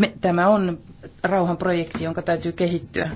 Me, tämä on rauhanprojekti, jonka täytyy kehittyä.